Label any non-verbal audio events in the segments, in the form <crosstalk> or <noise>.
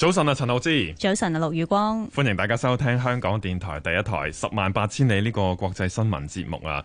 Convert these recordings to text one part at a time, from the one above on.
早晨啊，陳浩之。早晨啊，陸宇光。歡迎大家收聽香港電台第一台《十萬八千里》呢個國際新聞節目啊。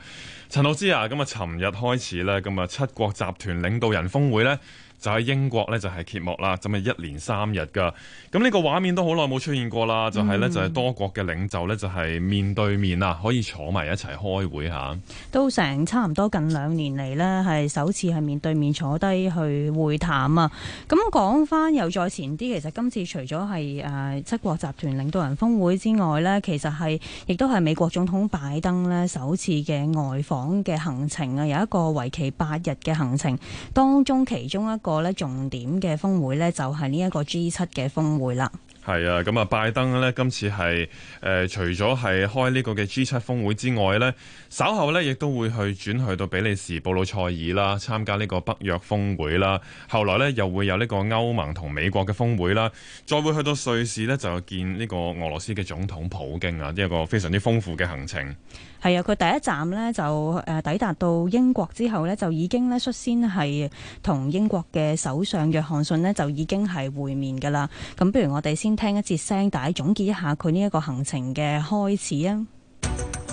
陳浩之啊，咁啊，尋日開始咧，咁啊，七國集團領導人峰會咧。就喺英國呢，就係、是、揭幕啦，咁、就、咪、是、一連三日㗎。咁呢個畫面都好耐冇出現過啦，就係、是、呢，就係、是、多國嘅領袖呢，就係、是、面對面啊，可以坐埋一齊開會吓。都成差唔多近兩年嚟呢，係首次係面對面坐低去會談啊。咁講返又再前啲，其實今次除咗係誒七國集團領導人峰會之外呢，其實係亦都係美國總統拜登呢首次嘅外訪嘅行程啊，有一個為期八日嘅行程，當中其中一。個咧重點嘅峰會咧就係呢一個 G 七嘅峰會啦。係啊，咁啊拜登咧今次係誒、呃、除咗係開呢個嘅 G 七峰會之外咧，稍後咧亦都會去轉去到比利時布魯塞爾啦，參加呢個北約峰會啦。後來咧又會有呢個歐盟同美國嘅峰會啦，再會去到瑞士咧就見呢個俄羅斯嘅總統普京啊，呢一個非常之豐富嘅行程。係啊，佢第一站咧就誒、呃、抵達到英國之後咧，就已經咧率先係同英國嘅首相約翰遜呢，就已經係會面㗎啦。咁不如我哋先聽一節聲帶，總結一下佢呢一個行程嘅開始啊！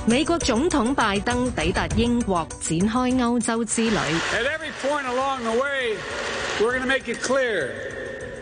美國總統拜登抵達英國，展開歐洲之旅。At every point along the way,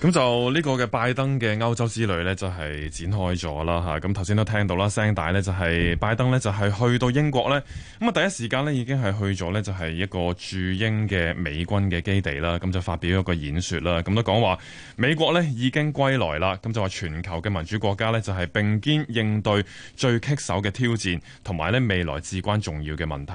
咁就呢個嘅拜登嘅歐洲之旅咧，就係展開咗啦吓，咁頭先都聽到啦，聲帶咧就係、是、拜登咧，就係、是、去到英國咧。咁啊，第一時間咧已經係去咗咧，就係一個駐英嘅美軍嘅基地啦。咁就發表一個演說啦。咁都講話美國咧已經歸來啦。咁就話全球嘅民主國家咧就係、是、並肩應對最棘手嘅挑戰同埋咧未來至關重要嘅問題，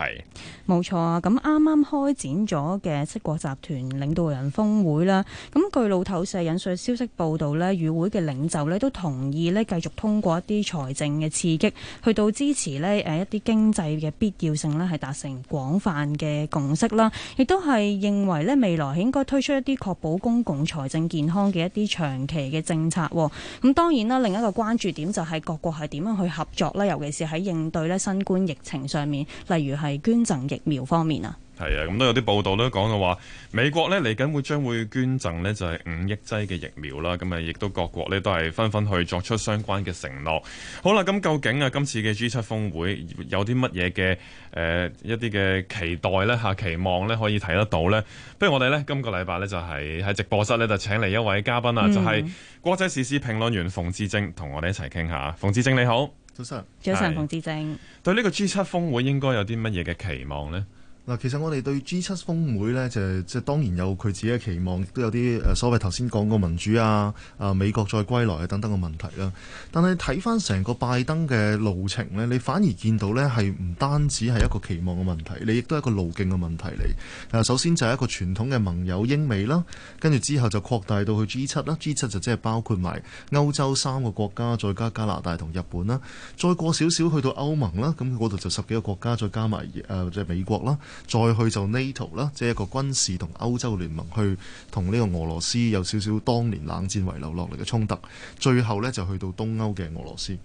冇錯啊！咁啱啱開展咗嘅七國集團領導人峰會啦。咁據路透社，引。據消息報道咧，與會嘅領袖咧都同意咧繼續通過一啲財政嘅刺激，去到支持咧誒一啲經濟嘅必要性咧係達成廣泛嘅共識啦，亦都係認為咧未來係應該推出一啲確保公共財政健康嘅一啲長期嘅政策。咁、嗯、當然啦，另一個關注點就係各國係點樣去合作咧，尤其是喺應對咧新冠疫情上面，例如係捐贈疫苗方面啊。係啊，咁都有啲報道都講到話，美國咧嚟緊會將會捐贈咧就係五億劑嘅疫苗啦。咁啊，亦都各國咧都係紛紛去作出相關嘅承諾。好啦，咁究竟啊，今次嘅 G 七峰會有啲乜嘢嘅誒一啲嘅期待呢？嚇？期望呢可以睇得到呢？不如我哋呢今個禮拜呢，就係、是、喺直播室呢，就請嚟一位嘉賓啊，嗯、就係國際時事評論員馮智政。同我哋一齊傾下。馮智政，你好，早晨上，早晨馮智政，對呢個 G 七峰會應該有啲乜嘢嘅期望呢？嗱，其實我哋對 G 七峰會咧，就即、是、係、就是、當然有佢自己嘅期望，亦都有啲誒所謂頭先講過民主啊、啊美國再歸來啊等等嘅問題啦、啊。但係睇翻成個拜登嘅路程咧，你反而見到呢係唔單止係一個期望嘅問題，你亦都係一個路徑嘅問題嚟、啊。首先就係一個傳統嘅盟友英美啦，跟住之後就擴大到去 G 七啦，G 七就即係包括埋歐洲三個國家，再加加拿大同日本啦，再過少少去到歐盟啦，咁嗰度就十幾個國家，再加埋誒即係美國啦。再去就 NATO 啦，即係一個軍事同歐洲聯盟去同呢個俄羅斯有少少當年冷戰遺留落嚟嘅衝突，最後咧就去到東歐嘅俄羅斯。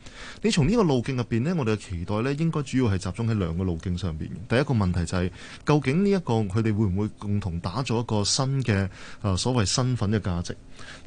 你從呢個路徑入邊咧，我哋嘅期待咧應該主要係集中喺兩個路徑上邊。第一個問題就係、是、究竟呢、這、一個佢哋會唔會共同打造一個新嘅啊、呃、所謂身份嘅價值？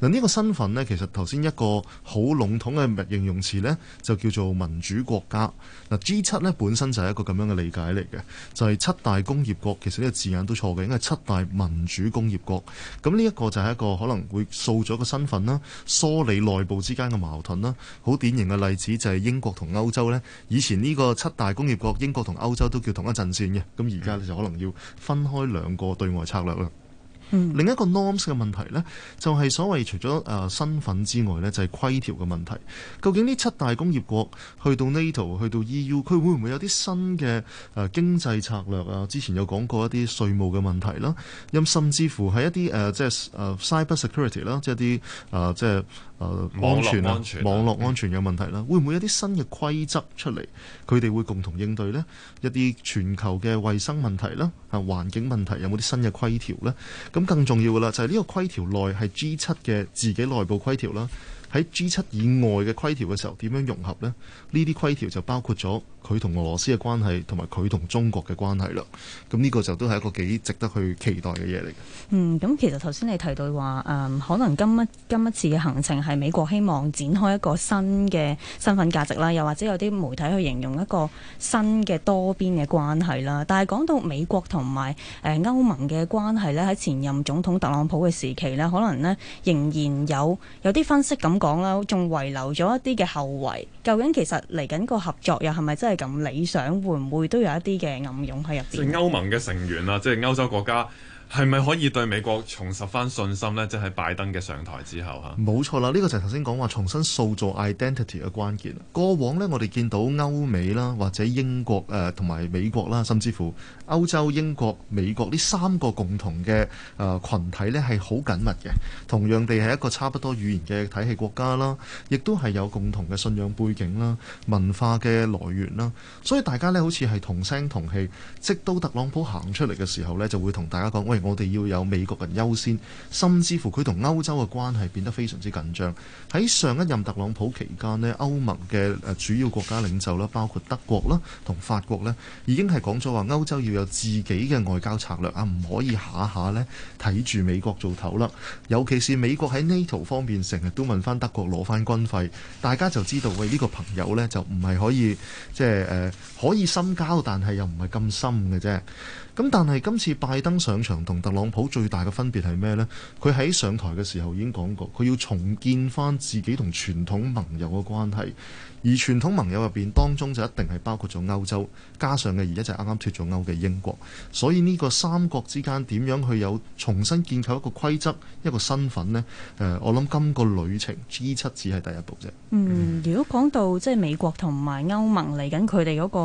嗱、呃，呢、這個身份咧其實頭先一個好籠統嘅形容詞咧就叫做民主國家。嗱、呃、，G7 咧本身就係一個咁樣嘅理解嚟嘅，就係、是、七大公工業國其實呢個字眼都錯嘅，應該係七大民主工業國。咁呢一個就係一個可能會掃咗個身份啦，梳理內部之間嘅矛盾啦。好典型嘅例子就係英國同歐洲呢。以前呢個七大工業國，英國同歐洲都叫同一陣線嘅。咁而家就可能要分開兩個對外策略啦。另一個 norms 嘅問題呢，就係所謂除咗誒身份之外呢，就係規條嘅問題。究竟呢七大工業國去到 NATO、去到 EU，佢會唔會有啲新嘅誒經濟策略啊？之前有講過一啲稅務嘅問題啦，咁甚至乎係一啲誒即係 cyber security 啦，即係啲誒即係誒網絡安全、網絡安全嘅問題啦。會唔會有啲新嘅規則出嚟？佢哋會共同應對呢一啲全球嘅衞生問題啦、啊環境問題，有冇啲新嘅規條呢？咁更重要嘅啦，就係呢個規條內係 G7 嘅自己內部規條啦，喺 G7 以外嘅規條嘅時候點樣融合呢？呢啲規條就包括咗。佢同俄羅斯嘅關係，同埋佢同中國嘅關係啦，咁呢個就都係一個幾值得去期待嘅嘢嚟嘅。嗯，咁其實頭先你提到話誒、呃，可能今一今一次嘅行程係美國希望展開一個新嘅身份價值啦，又或者有啲媒體去形容一個新嘅多邊嘅關係啦。但係講到美國同埋誒歐盟嘅關係呢，喺前任總統特朗普嘅時期呢，可能呢仍然有有啲分析咁講啦，仲遺留咗一啲嘅後遺。究竟其實嚟緊個合作又係咪真係咁理想？會唔會都有一啲嘅暗湧喺入邊？即係歐盟嘅成員啊，即係歐洲國家。係咪可以對美國重拾翻信心呢？即係拜登嘅上台之後嚇，冇錯啦！呢個就係頭先講話重新塑造 identity 嘅關鍵。過往呢，我哋見到歐美啦，或者英國誒同埋美國啦，甚至乎歐洲、英國、美國呢三個共同嘅誒羣體呢，係好緊密嘅。同樣地，係一個差不多語言嘅體系國家啦，亦都係有共同嘅信仰背景啦、文化嘅來源啦。所以大家呢，好似係同聲同氣。直到特朗普行出嚟嘅時候呢，就會同大家講：喂！我哋要有美國人優先，甚至乎佢同歐洲嘅關係變得非常之緊張。喺上一任特朗普期間呢，歐盟嘅誒主要國家領袖啦，包括德國啦同法國呢，已經係講咗話歐洲要有自己嘅外交策略啊，唔可以下下呢睇住美國做頭啦。尤其是美國喺呢 a 方面成日都問翻德國攞翻軍費，大家就知道喂，呢個朋友呢，就唔係可以即係可以深交，但係又唔係咁深嘅啫。咁但係今次拜登上場同特朗普最大嘅分別係咩呢？佢喺上台嘅時候已經講過，佢要重建返自己同傳統盟友嘅關係。而傳統盟友入邊當中就一定係包括咗歐洲，加上嘅而家就係啱啱脱咗歐嘅英國，所以呢個三國之間點樣去有重新建構一個規則、一個身份呢？誒、呃，我諗今個旅程 G7 只係第一步啫。嗯，如果講到即係、就是、美國同埋歐盟嚟緊佢哋嗰個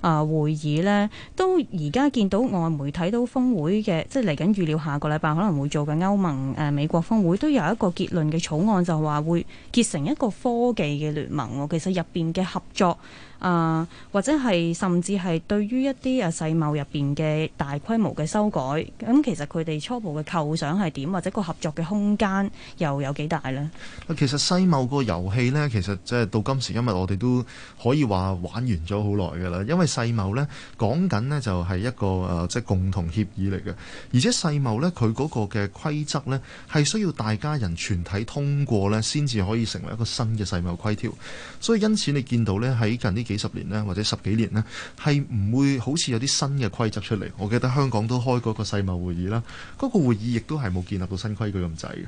啊、呃、會議呢，都而家見到外媒睇到峰會嘅，即係嚟緊預料下個禮拜可能會做嘅歐盟誒、呃、美國峰會，都有一個結論嘅草案，就話會結成一個科技嘅聯盟。其實入邊嘅合作。啊、呃，或者係甚至係對於一啲啊世貿入邊嘅大規模嘅修改，咁其實佢哋初步嘅構想係點，或者個合作嘅空間又有幾大呢？其實世貿個遊戲呢，其實即係到今時今日，我哋都可以話玩完咗好耐㗎喇。因為世貿呢講緊呢，就係一個誒，即係共同協議嚟嘅，而且世貿呢，佢嗰個嘅規則呢，係需要大家人全體通過呢，先至可以成為一個新嘅世貿規條。所以因此你見到呢，喺近呢，幾十年呢，或者十幾年呢，係唔會好似有啲新嘅規則出嚟。我記得香港都開過一個世貿會議啦，嗰個會議亦都係冇建立到新規矩咁滯嘅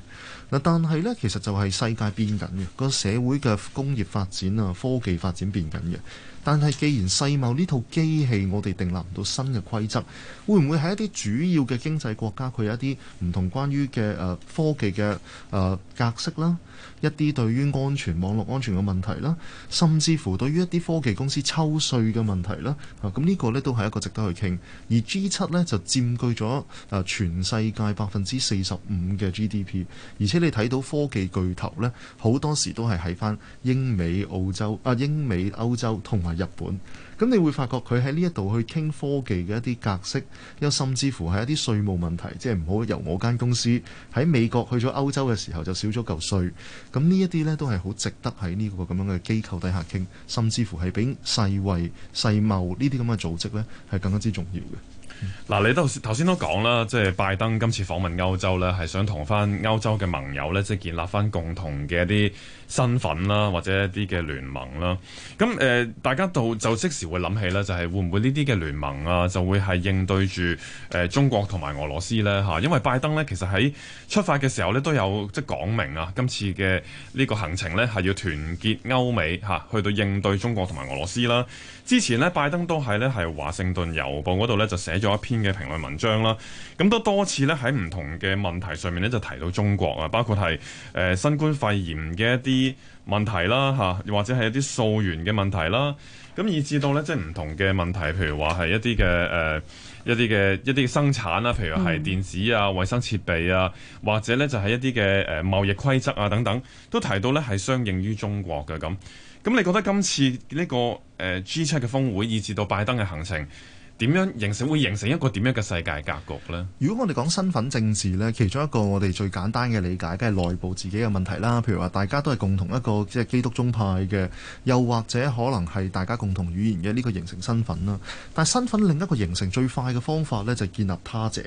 嗱。但係呢，其實就係世界變緊嘅個社會嘅工業發展啊，科技發展變緊嘅。但係既然世貿呢套機器，我哋訂立唔到新嘅規則，會唔會係一啲主要嘅經濟國家，佢有一啲唔同關於嘅誒、呃、科技嘅誒、呃、格式啦，一啲對於安全、網絡安全嘅問題啦，甚至乎對於一啲科技公司抽稅嘅問題啦，啊，咁、這個、呢個咧都係一個值得去傾，而 g 七咧就佔據咗誒全世界百分之四十五嘅 GDP，而且你睇到科技巨頭咧，好多時都係喺翻英美澳洲啊英美歐洲同。日本咁，你會發覺佢喺呢一度去傾科技嘅一啲格式，又甚至乎係一啲稅務問題，即係唔好由我間公司喺美國去咗歐洲嘅時候就少咗嚿稅。咁呢一啲咧都係好值得喺呢個咁樣嘅機構底下傾，甚至乎係比世衛世貿呢啲咁嘅組織咧係更加之重要嘅。嗱，你都頭先都講啦，即係拜登今次訪問歐洲咧，係想同翻歐洲嘅盟友咧，即係建立翻共同嘅一啲。身份啦，或者一啲嘅聯盟啦，咁誒、呃、大家到就即時會諗起啦，就係、是、會唔會呢啲嘅聯盟啊，就會係應對住誒、呃、中國同埋俄羅斯咧吓，因為拜登咧，其實喺出發嘅時候咧，都有即係講明啊，今次嘅呢個行程咧係要團結歐美吓、啊、去到應對中國同埋俄羅斯啦。之前咧，拜登都係咧係華盛頓郵報嗰度咧就寫咗一篇嘅評論文章啦，咁都多次咧喺唔同嘅問題上面咧就提到中國啊，包括係誒、呃、新冠肺炎嘅一啲。啲問題啦吓，或者係一啲溯源嘅問題啦，咁以至到呢，即係唔同嘅問題，譬如話係一啲嘅誒一啲嘅一啲嘅生產啦，譬如係電子啊、衛生設備啊，或者呢就係一啲嘅誒貿易規則啊等等，都提到呢係相應於中國嘅咁。咁你覺得今次呢個誒 G7 嘅峰會，以至到拜登嘅行程，點樣形成會形成一個點樣嘅世界格局呢？如果我哋講身份政治呢，其中一個我哋最簡單嘅理解，梗係內部自己嘅問題啦。譬如話，大家都係共同一個即係基督宗派嘅，又或者可能係大家共同語言嘅呢個形成身份啦。但係身份另一個形成最快嘅方法呢，就係建立他者。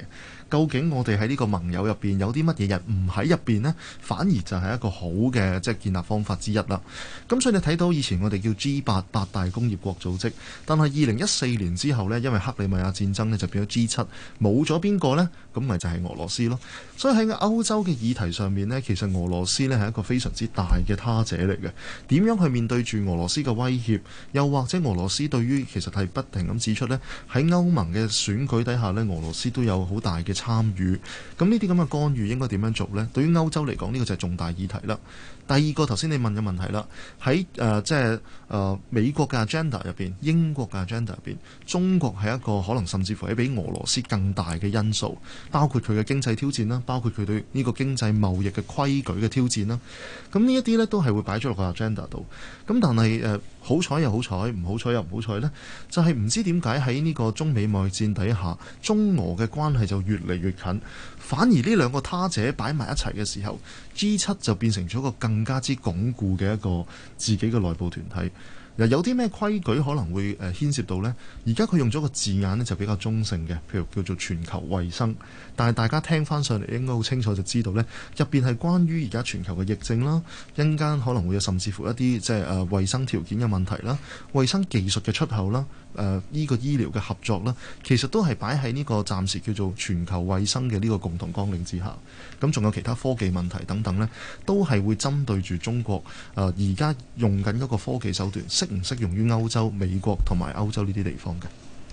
究竟我哋喺呢個盟友入邊有啲乜嘢人唔喺入邊呢？反而就係一個好嘅即係建立方法之一啦。咁所以你睇到以前我哋叫 G8，八大工業國組織，但係二零一四年之後呢，因為克里米亞戰爭呢，就變咗 G7，冇咗邊個呢？咁咪就係俄羅斯咯。所以喺歐洲嘅議題上面呢，其實俄羅斯呢係一個非常之大嘅他者嚟嘅。點樣去面對住俄羅斯嘅威脅？又或者俄羅斯對於其實係不停咁指出呢，喺歐盟嘅選舉底下呢，俄羅斯都有好大嘅參與。咁呢啲咁嘅干預應該點樣做呢？對於歐洲嚟講，呢個就係重大議題啦。第二個頭先你問嘅問題啦，喺誒即係誒美國嘅 agenda 入邊，英國嘅 agenda 入邊，中國係一一個可能甚至乎係比俄羅斯更大嘅因素，包括佢嘅經濟挑戰啦，包括佢對呢個經濟貿易嘅規矩嘅挑戰啦。咁呢一啲呢都係會擺咗落個 agenda 度。咁但係誒好彩又好彩，唔好彩又唔好彩呢，就係唔知點解喺呢個中美貿易戰底下，中俄嘅關係就越嚟越近，反而呢兩個他者擺埋一齊嘅時候，G7 就變成咗一個更加之鞏固嘅一個自己嘅內部團體。有有啲咩規矩可能會誒牽涉到呢？而家佢用咗個字眼呢，就比較中性嘅，譬如叫做全球衞生。但係大家聽翻上嚟應該好清楚就知道呢，入邊係關於而家全球嘅疫症啦，間可能會有甚至乎一啲即係誒衞生條件嘅問題啦、衞生技術嘅出口啦、誒呢個醫療嘅合作啦，其實都係擺喺呢個暫時叫做全球衞生嘅呢個共同綱領之下。咁仲有其他科技問題等等呢，都係會針對住中國誒而家用緊一個科技手段。適唔適用於歐洲、美國同埋歐洲呢啲地方嘅？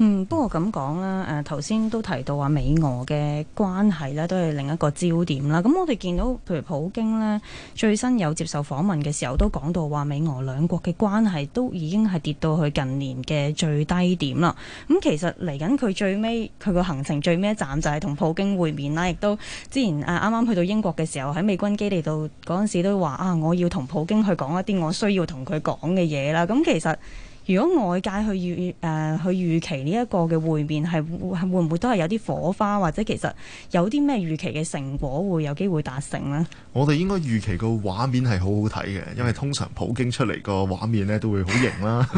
嗯，不過咁講啦，誒頭先都提到話美俄嘅關係呢，都係另一個焦點啦。咁我哋見到譬如普京呢，最新有接受訪問嘅時候都講到話美俄兩國嘅關係都已經係跌到去近年嘅最低點啦。咁、嗯、其實嚟緊佢最尾佢個行程最尾一站就係同普京會面啦，亦都之前啊啱啱去到英國嘅時候喺美軍基地度嗰陣時都話啊，我要同普京去講一啲我需要同佢講嘅嘢啦。咁、啊、其實。如果外界去預誒、呃、去預期呢一個嘅會面係會唔會都係有啲火花，或者其實有啲咩預期嘅成果會有機會達成咧？我哋應該預期個畫面係好好睇嘅，因為通常普京出嚟個畫面咧都會好型啦，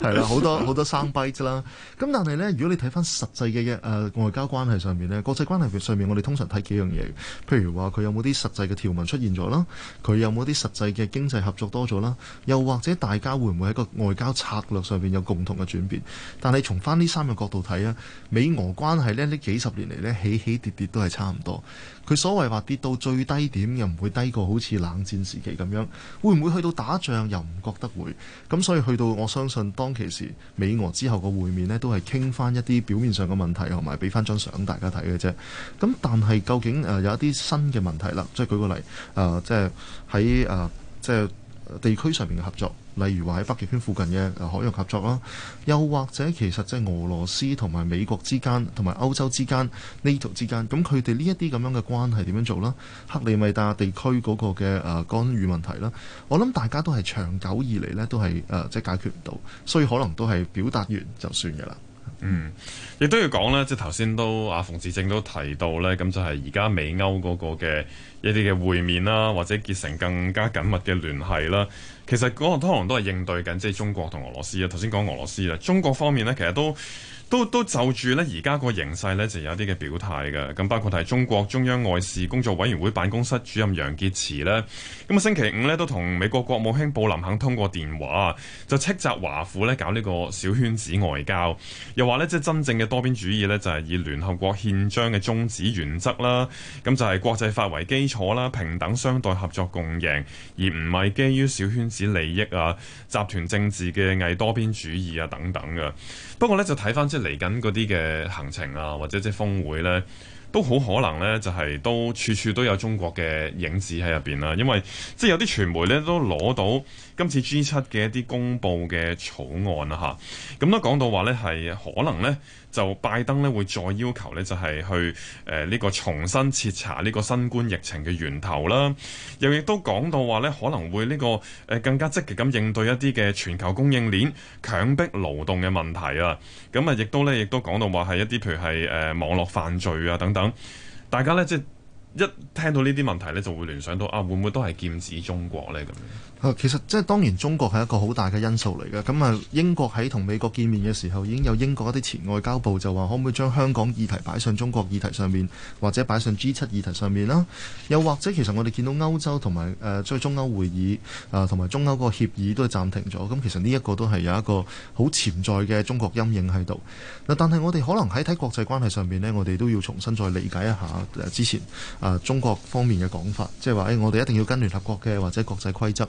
係啦， <laughs> <laughs> 好多好多 sound bite 啦。咁但係咧，如果你睇翻實際嘅嘅誒外交關係上面咧，國際關係上面，我哋通常睇幾樣嘢，譬如話佢有冇啲實際嘅條文出現咗啦，佢有冇啲實際嘅經濟合作多咗啦，又或者大家會唔會喺個外交策略上面有共同嘅轉變，但係從翻呢三個角度睇啊，美俄關係呢呢幾十年嚟呢起起跌跌都係差唔多。佢所謂話跌到最低點，又唔會低過好似冷戰時期咁樣，會唔會去到打仗又唔覺得會？咁所以去到我相信當其時美俄之後個會面呢都係傾翻一啲表面上嘅問題，同埋俾翻張相大家睇嘅啫。咁但係究竟誒有一啲新嘅問題啦，即係舉個例誒，即係喺誒即係。就是地區上面嘅合作，例如話喺北極圈附近嘅海洋合作啦，又或者其實即係俄羅斯同埋美國之間、同埋歐洲之間呢度之間，咁佢哋呢一啲咁樣嘅關係點樣做啦？克里米亞地區嗰個嘅誒干預問題啦，我諗大家都係長久以嚟呢都係誒即係解決唔到，所以可能都係表達完就算嘅啦。嗯，亦都要講啦。即係頭先都阿馮智政都提到咧，咁就係而家美歐嗰個嘅一啲嘅會面啦，或者結成更加緊密嘅聯繫啦。其實嗰個都可能都係應對緊即係中國同俄羅斯啊。頭先講俄羅斯啦，中國方面咧，其實都。都都就住咧，而家個形勢咧，就有啲嘅表態嘅。咁包括係中國中央外事工作委員會辦公室主任楊潔篪咧，咁啊星期五呢都同美國國務卿布林肯通過電話，就斥責華府咧搞呢個小圈子外交，又話咧即係真正嘅多邊主義咧就係以聯合國憲章嘅宗旨原則啦，咁就係國際法為基礎啦，平等相待、合作共贏，而唔係基於小圈子利益啊、集團政治嘅偽多邊主義啊等等嘅。不過咧，就睇返即係嚟緊嗰啲嘅行程啊，或者即係峰會咧，都好可能咧，就係都處處都有中國嘅影子喺入邊啦。因為即係有啲傳媒咧都攞到。今次 G7 嘅一啲公布嘅草案啊，吓，咁都講到話咧，係可能咧就拜登咧會再要求咧，就係去誒呢個重新徹查呢個新冠疫情嘅源頭啦。又亦都講到話咧，可能會呢個誒更加積極咁應對一啲嘅全球供應鏈強迫勞動嘅問題啊。咁啊，亦都咧，亦都講到話係一啲譬如係誒網絡犯罪啊等等。大家咧即係一聽到呢啲問題咧，就會聯想到啊，會唔會都係劍指中國咧咁樣？其實即係當然，中國係一個好大嘅因素嚟嘅。咁啊，英國喺同美國見面嘅時候，已經有英國一啲前外交部就話，可唔可以將香港議題擺上中國議題上面，或者擺上 G7 議題上面啦？又或者，其實我哋見到歐洲同埋誒即係中歐會議啊，同、呃、埋中歐嗰個協議都係暫停咗。咁、呃、其實呢一個都係有一個好潛在嘅中國陰影喺度。嗱、呃，但係我哋可能喺睇國際關係上面呢，我哋都要重新再理解一下之前啊、呃、中國方面嘅講法，即係話誒，我哋一定要跟聯合國嘅或者國際規則。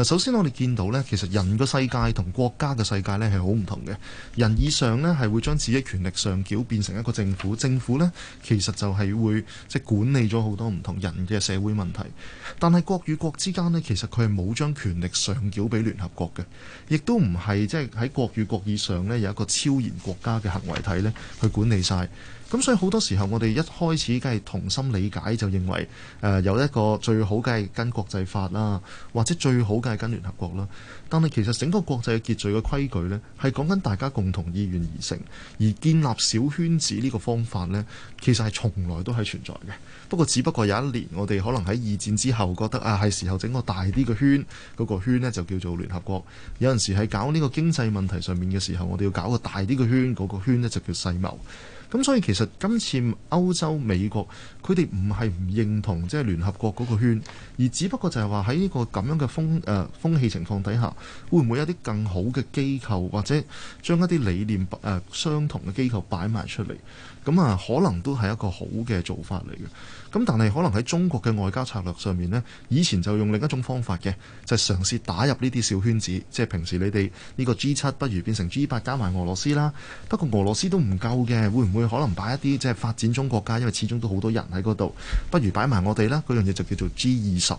嗱，首先我哋見到呢，其實人嘅世界同國家嘅世界呢，係好唔同嘅。人以上呢，係會將自己權力上繳變成一個政府，政府呢，其實就係會即係管理咗好多唔同人嘅社會問題。但係國與國之間呢，其實佢係冇將權力上繳俾聯合國嘅，亦都唔係即係喺國與國以上呢，有一個超然國家嘅行為體呢去管理晒。咁所以好多時候我哋一開始梗係同心理解，就認為誒有一個最好梗係跟國際法啦，或者最好嘅。大家跟聯合國啦，但係其實整個國際秩序嘅規矩呢，係講緊大家共同意願而成，而建立小圈子呢個方法呢，其實係從來都係存在嘅，不過只不過有一年，我哋可能喺二戰之後覺得啊，係時候整個大啲嘅圈嗰、那個圈呢，就叫做聯合國。有陣時喺搞呢個經濟問題上面嘅時候，我哋要搞個大啲嘅圈，嗰、那個圈呢，就叫世貿。咁所以其實今次歐洲、美國佢哋唔係唔認同即係聯合國嗰個圈，而只不過就係話喺呢個咁樣嘅風誒、呃、風氣情況底下，會唔會有啲更好嘅機構或者將一啲理念誒、呃、相同嘅機構擺埋出嚟？咁啊，可能都係一個好嘅做法嚟嘅。咁但係可能喺中國嘅外交策略上面咧，以前就用另一種方法嘅，就係嘗試打入呢啲小圈子，即係平時你哋呢個 G 七，不如變成 G 八加埋俄羅斯啦。不過俄羅斯都唔夠嘅，會唔會？佢可能擺一啲即係發展中國家，因為始終都好多人喺嗰度，不如擺埋我哋啦。嗰樣嘢就叫做 G 二十。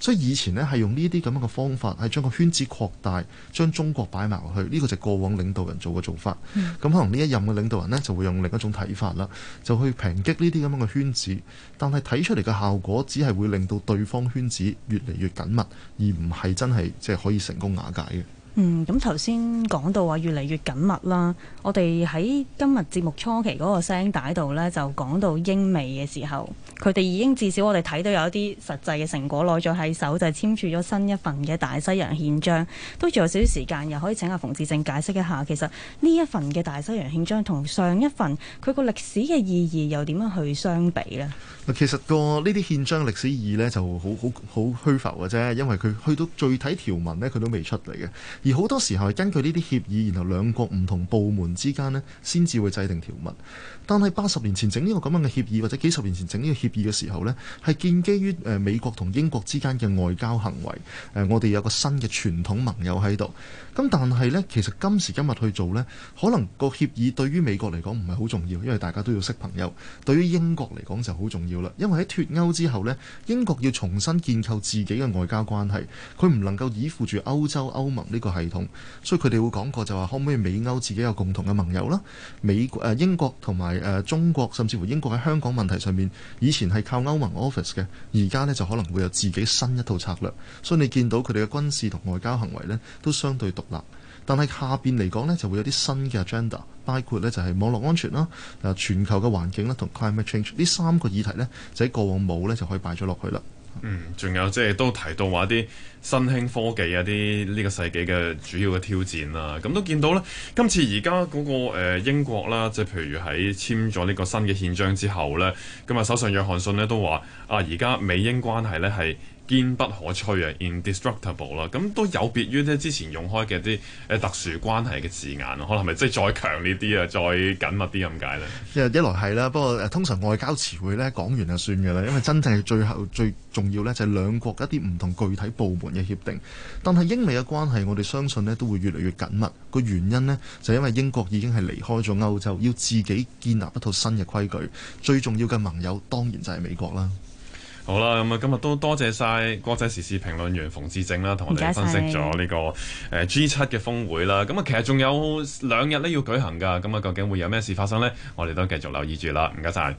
所以以前呢，係用呢啲咁樣嘅方法，係將個圈子擴大，將中國擺埋去。呢、這個就係過往領導人做嘅做法。咁、嗯、可能呢一任嘅領導人呢，就會用另一種睇法啦，就去抨擊呢啲咁樣嘅圈子。但係睇出嚟嘅效果，只係會令到對方圈子越嚟越緊密，而唔係真係即係可以成功瓦解嘅。嗯，咁頭先講到話越嚟越緊密啦。我哋喺今日節目初期嗰個聲帶度呢，就講到英美嘅時候，佢哋已經至少我哋睇到有一啲實際嘅成果攞咗喺手，就係、是、簽署咗新一份嘅大西洋憲章。都仲有少少時間，又可以請阿馮智政解釋一下，其實呢一份嘅大西洋憲章同上一份佢個歷史嘅意義又點樣去相比呢？其實、這個呢啲憲章歷史意義呢，就好好好虛浮嘅啫，因為佢去到具體條文呢，佢都未出嚟嘅。而好多時候係根據呢啲協議，然後兩國唔同部門之間咧，先至會制定條文。但係八十年前整呢個咁樣嘅協議，或者幾十年前整呢個協議嘅時候咧，係建基於誒美國同英國之間嘅外交行為誒、呃，我哋有個新嘅傳統盟友喺度。咁但係咧，其實今時今日去做咧，可能個協議對於美國嚟講唔係好重要，因為大家都要識朋友。對於英國嚟講就好重要啦，因為喺脫歐之後咧，英國要重新建構自己嘅外交關係，佢唔能夠倚附住歐洲歐盟呢、這個。系統，所以佢哋會講過就話可唔可以美歐自己有共同嘅盟友啦？美誒、呃、英國同埋誒中國，甚至乎英國喺香港問題上面，以前係靠歐盟 Office 嘅，而家呢就可能會有自己新一套策略。所以你見到佢哋嘅軍事同外交行為呢都相對獨立。但係下邊嚟講呢，就會有啲新嘅 agenda，包括呢就係、是、網絡安全啦、誒全球嘅環境啦同 climate change 呢三個議題呢，就喺過往冇呢就可以擺咗落去啦。嗯，仲有即係都提到話啲新興科技啊，啲呢個世紀嘅主要嘅挑戰啦。咁都見到咧，今次而家嗰個誒、呃、英國啦，即係譬如喺簽咗呢個新嘅憲章之後咧，咁啊，首相約翰遜咧都話啊，而家美英關係咧係。堅不可摧啊，indestructible 啦，咁都有別於咧之前用開嘅啲誒特殊關係嘅字眼，可能係咪即係再強烈啲啊，再緊密啲咁解呢？yeah，一來係啦，不過通常外交詞彙咧講完就算嘅啦，因為真正係最後最重要咧就係兩國一啲唔同具體部門嘅協定。但係英美嘅關係，我哋相信呢都會越嚟越緊密。個原因呢，就因為英國已經係離開咗歐洲，要自己建立一套新嘅規矩。最重要嘅盟友當然就係美國啦。好啦，咁、嗯、啊今日都多謝晒國際時事評論員馮智政啦，同我哋分析咗呢、這個誒謝、呃、G 七嘅峰會啦。咁、嗯、啊，其實仲有兩日咧要舉行噶，咁、嗯、啊，究竟會有咩事發生呢？我哋都繼續留意住啦。唔該晒。